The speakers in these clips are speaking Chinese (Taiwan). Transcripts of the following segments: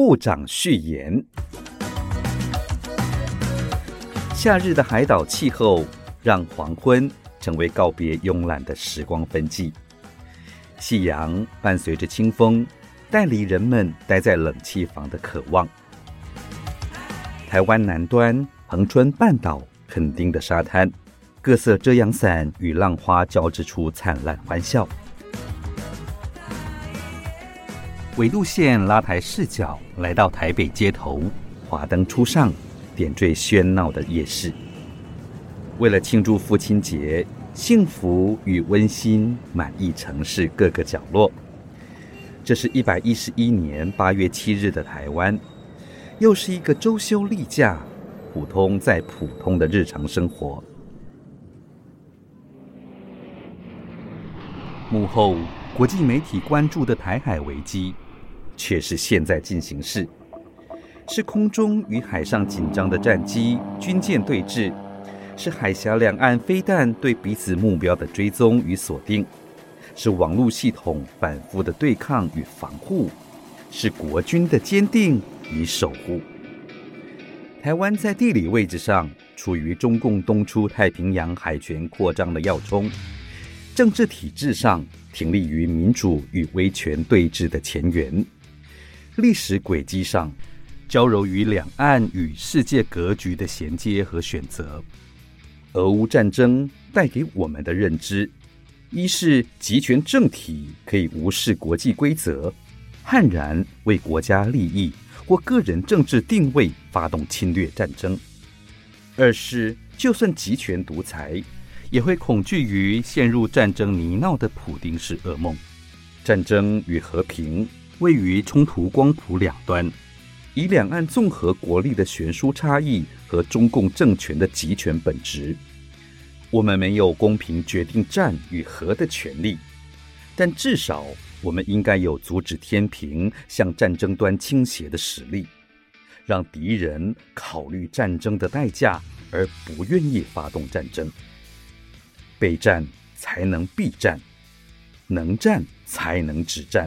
部長序言：夏日的海島氣候，讓黃昏成為告別慵懶的時光分際，夕陽伴隨着清風，帶離人們待在冷氣房的渴望。台灣南端恆春半島墾丁的沙灘，各色遮陽傘與浪花交織出燦爛歡笑。緯度線拉抬視角來到台北街頭，華燈初上，點綴喧鬧的夜市。為了慶祝父親節，幸福與溫馨滿溢城市各個角落。這是一百一十一年八月七日的台灣，又是一個周休例假，普通再普通的日常生活。幕後國際媒體關注的台海危機，卻是現在進行式，是空中與海上緊張的戰機、軍艦對峙，是海峽兩岸飛彈對彼此目標的追蹤與鎖定，是網路系統反復的對抗與防護，是國軍的堅定與守護。台灣在地理位置上處於中共東出太平洋海權擴張的要衝，政治體制上挺立於民主與威權對峙的前緣。歷史軌跡上，交融於兩岸與世界格局的銜接和選擇。俄烏戰爭帶給我們的認知，一是集權政體可以無視國際規則，悍然為國家利益或個人政治定位發動侵略戰爭；二是就算集權獨裁，也會恐懼於陷入戰爭泥淖的普丁式噩夢。戰爭與和平，位於衝突光譜兩端，以兩岸綜合國力的懸殊差異和中共政權的極權本質，我們沒有公平決定戰與和的權利。但至少我們應該有阻止天平向戰爭端傾斜的實力，讓敵人考慮戰爭的代價而不願意發動戰爭。備戰才能避戰，能戰才能止戰。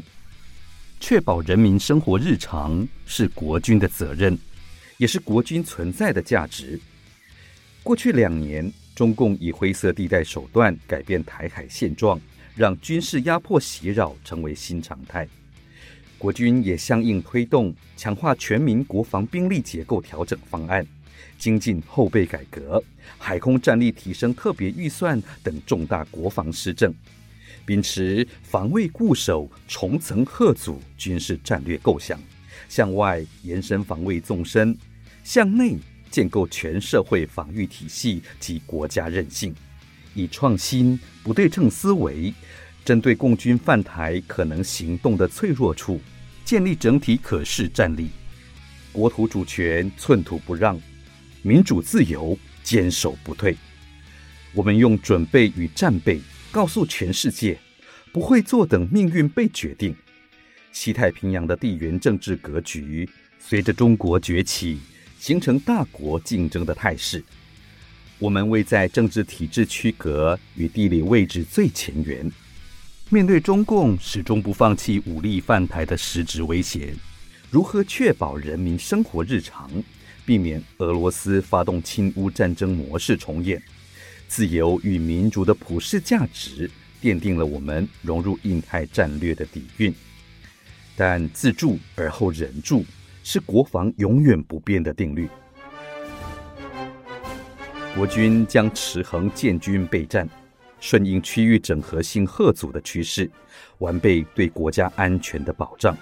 確保人民生活日常是國軍的責任，也是國軍存在的價值。過去兩年，中共以灰色地帶手段改變台海現狀，讓軍事壓迫襲擾成為新常態。國軍也相應推動強化全民國防兵力結構調整方案、精進後備改革、海空戰力提升特別預算等重大國防施政。秉持防衛固守、重層嚇阻軍事戰略構想，向外延伸防衛縱深，向內建構全社會防禦體系及國家韌性，以創新不對稱思維，針對共軍犯台可能行動的脆弱處，建立整體可視戰力。國土主權寸土不讓，民主自由堅守不退。我們用準備與戰備。告訴全世界，不會坐等命運被決定。西太平洋的地緣政治格局隨着中國崛起形成大國競爭的態勢。我們位在政治體制區隔與地理位置最前緣，面對中共始終不放棄武力犯台的實質威脅，如何確保人民生活日常，避免俄羅斯發動侵烏戰爭模式重演？自由與民主的普世價值，奠定了我們融入印太戰略的底蘊。但自助而後人助，是國防永遠不變的定律。國軍將持恆建軍備戰，順應區域整合性嚇阻的趨勢，完備對國家安全的保障。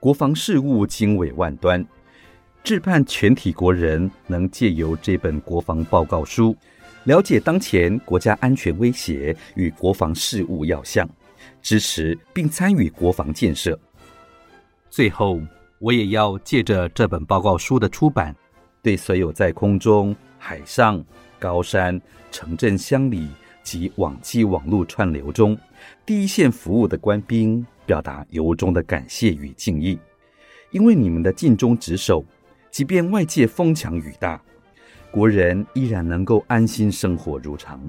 國防事務經緯萬端，致盼全體國人能借由這本國防報告書。了解當前國家安全威脅與國防事務要項，支持並參與國防建設。最後，我也要借着這本報告書的出版，對所有在空中、海上、高山、城鎮、鄉里及網際網絡串流中第一線服務的官兵，表達由衷的感謝與敬意。因為你們的盡忠職守，即便外界風強雨大，國人依然能夠安心生活如常，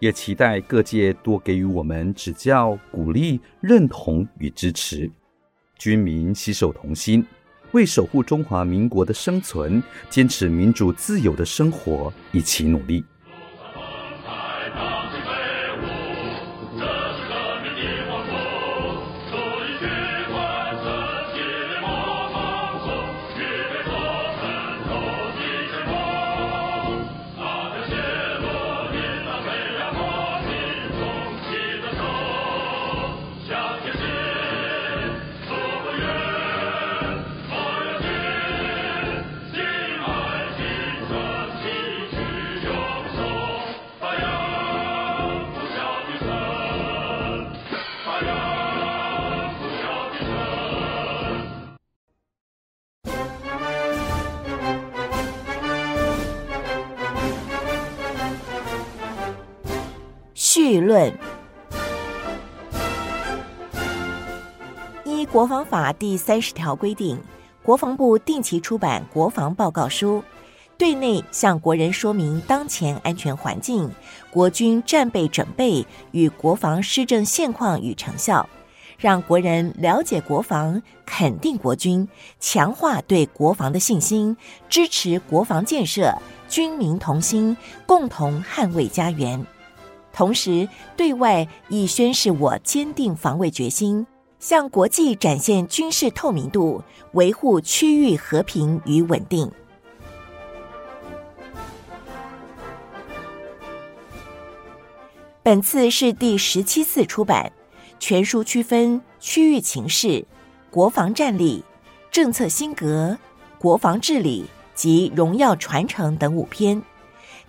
也期待各界多給予我們指教、鼓勵、認同與支持。軍民攜手同心，為守護中華民國的生存，堅持民主自由的生活，一起努力。緒論，依國防法第三十條規定，國防部定期出版國防報告書，對內向國人說明當前安全環境、國軍戰備整備與國防施政現況與成效，讓國人了解國防、肯定國軍、強化對國防的信心，支持國防建設，軍民同心，共同捍衛家園。同時，對外亦宣示我堅定防衛決心，向國際展現軍事透明度，維護區域和平與穩定。本次是第十七次出版，全書區分區域情勢、國防戰力、政策興革、國防治理及榮耀傳承等五篇。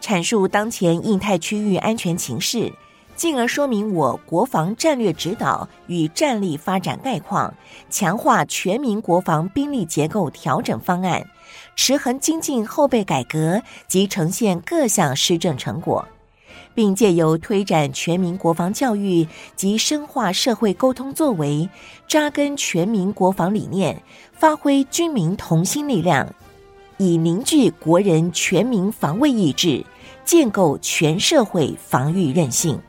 闡述當前印太區域安全情勢，進而說明我國防戰略指導與戰力發展概況，強化全民國防兵力結構調整方案，持恆精進後備改革及呈現各項施政成果，並藉由推展全民國防教育及深化社會溝通作為，扎根全民國防理念，發揮軍民同心力量。以凝聚國人全民防衛意志，建構全社會防禦韌性。